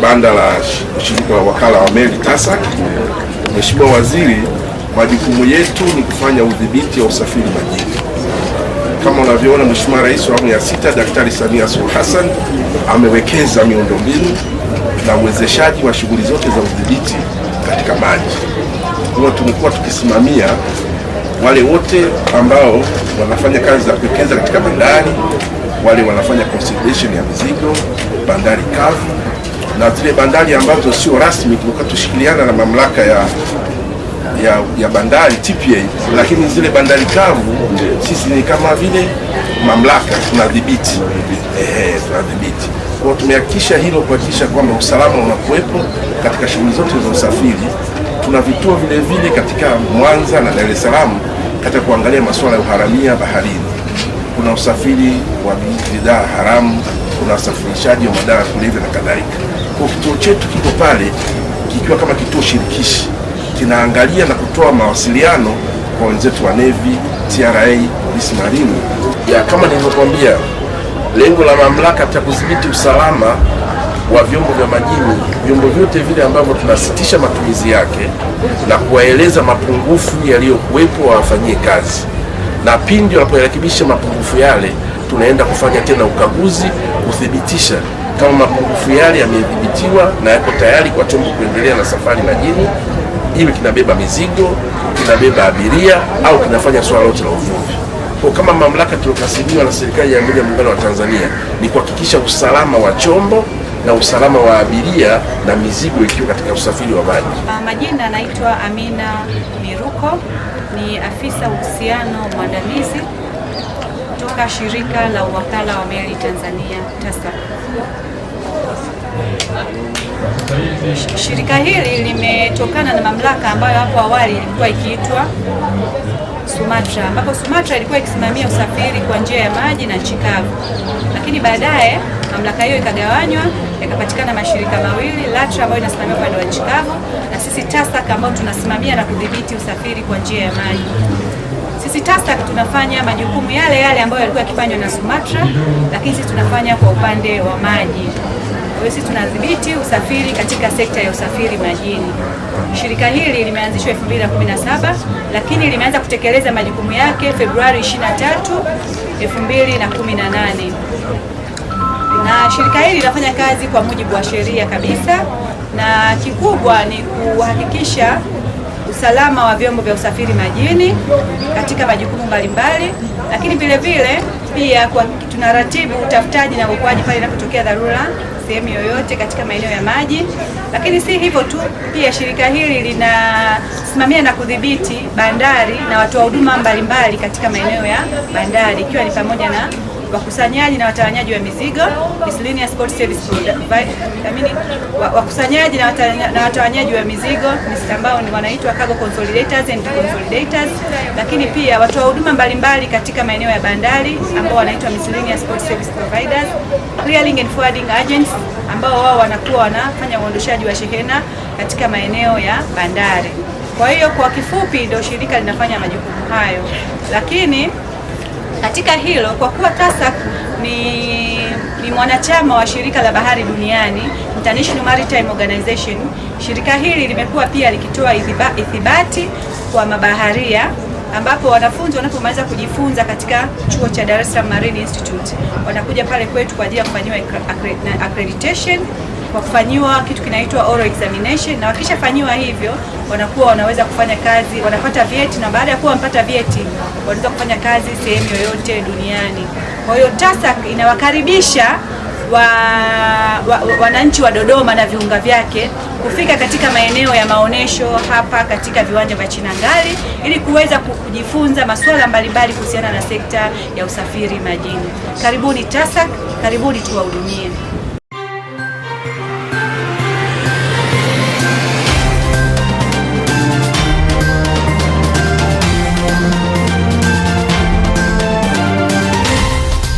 banda la shirika la wakala wa meli TASAC. Mheshimiwa Waziri, majukumu yetu ni kufanya udhibiti wa usafiri majini. Kama unavyoona Mheshimiwa Rais wa awamu ya sita Daktari Samia Suluhu Hassan amewekeza miundombinu na uwezeshaji wa shughuli zote za udhibiti katika maji. Kwa tumekuwa tukisimamia wale wote ambao wanafanya kazi za kuwekeza katika bandari, wale wanafanya consolidation ya mizigo bandari kavu na zile bandari ambazo sio rasmi, tulikuwa tushikiliana na mamlaka ya ya, ya bandari TPA, lakini zile bandari kavu sisi ni kama vile mamlaka tunadhibiti, ehe, tunadhibiti kwa tumehakikisha hilo, kuhakikisha kwamba usalama unakuwepo katika shughuli zote za usafiri. Tuna vituo vile vile katika Mwanza na Dar es Salaam katika kuangalia masuala ya uharamia baharini. Kuna usafiri wa bidhaa haramu, kuna usafirishaji wa madawa kulevya na kadhalika. Kwa kituo chetu kiko pale kikiwa kama kituo shirikishi kinaangalia na kutoa mawasiliano kwa wenzetu wa Nevi, TRA, polisi, marine. Ya kama nilivyokuambia, lengo la mamlaka ya kudhibiti usalama wa vyombo vya majini, vyombo vyote vile ambavyo tunasitisha matumizi yake na kuwaeleza mapungufu yaliyokuwepo wawafanyie kazi, na pindi wanapoyarekebisha mapungufu yale, tunaenda kufanya tena ukaguzi kuthibitisha kama mapungufu yale yamedhibitiwa na yako tayari kwa chombo kuendelea na safari majini, iwe kinabeba mizigo, kinabeba abiria au kinafanya swala lote la uvuvi. Kwa kama mamlaka tuliokasimiwa na serikali ya Jamhuri ya Muungano wa Tanzania ni kuhakikisha usalama wa chombo na usalama wa abiria na mizigo ikiwa katika usafiri wa maji. Ah, majina anaitwa Amina Miruko, ni afisa uhusiano mwandamizi kutoka shirika la uwakala wa meli Tanzania TASAC. Shirika hili limetokana na mamlaka ambayo hapo awali ilikuwa ikiitwa Sumatra, ambapo Sumatra ilikuwa ikisimamia usafiri kwa njia ya maji na nchi kavu, lakini baadaye mamlaka hiyo ikagawanywa, yakapatikana mashirika mawili, LATRA ambayo inasimamia upande wa nchi kavu na sisi TASAC ambao tunasimamia na kudhibiti usafiri kwa njia ya maji. Sisi TASAC tunafanya majukumu yale yale ambayo yalikuwa yakifanywa na SUMATRA, lakini sisi tunafanya kwa upande wa maji. Kwa hiyo sisi tunadhibiti usafiri katika sekta ya usafiri majini. Shirika hili limeanzishwa 2017 lakini limeanza kutekeleza majukumu yake Februari 23, 2018 na shirika hili linafanya kazi kwa mujibu wa sheria kabisa, na kikubwa ni kuhakikisha usalama wa vyombo vya usafiri majini katika majukumu mbalimbali, lakini vile vile pia kwa tunaratibu utafutaji na uokoaji pale inapotokea dharura sehemu yoyote katika maeneo ya maji. Lakini si hivyo tu, pia shirika hili linasimamia na kudhibiti bandari na watoa huduma mbalimbali katika maeneo ya bandari ikiwa ni pamoja na wakusanyaji na watawanyaji wa mizigo miscellaneous Sport service Provider, wakusanyaji na watawanyaji wa mizigo ambao ni wanaitwa cargo consolidators and consolidators, lakini pia watoa huduma mbalimbali katika maeneo ya bandari ambao wanaitwa miscellaneous Sport service providers, clearing and forwarding agents ambao wao wanakuwa wanafanya uondoshaji wa shehena katika maeneo ya bandari. Kwa hiyo kwa kifupi, ndio shirika linafanya majukumu hayo, lakini katika hilo kwa kuwa TASAC ni, ni mwanachama wa shirika la bahari duniani International Maritime Organization, shirika hili limekuwa pia likitoa ithibati kwa mabaharia ambapo wanafunzi wanapomaliza kujifunza katika chuo cha Dar es Salaam Marine Institute wanakuja pale kwetu kwa ajili ya kufanyiwa accreditation kwa kufanyiwa kitu kinaitwa oral examination, na wakishafanyiwa hivyo wanakuwa wanaweza kufanya kazi, wanapata vyeti, na baada ya kuwa wamepata vyeti wanaweza kufanya kazi sehemu yoyote duniani. Kwa hiyo TASAC inawakaribisha wananchi wa, wa, wa Dodoma na viunga vyake kufika katika maeneo ya maonesho hapa katika viwanja vya Chinangali ili kuweza kujifunza masuala mbalimbali kuhusiana na sekta ya usafiri majini. Karibuni TASAC, karibuni tuwahudumie.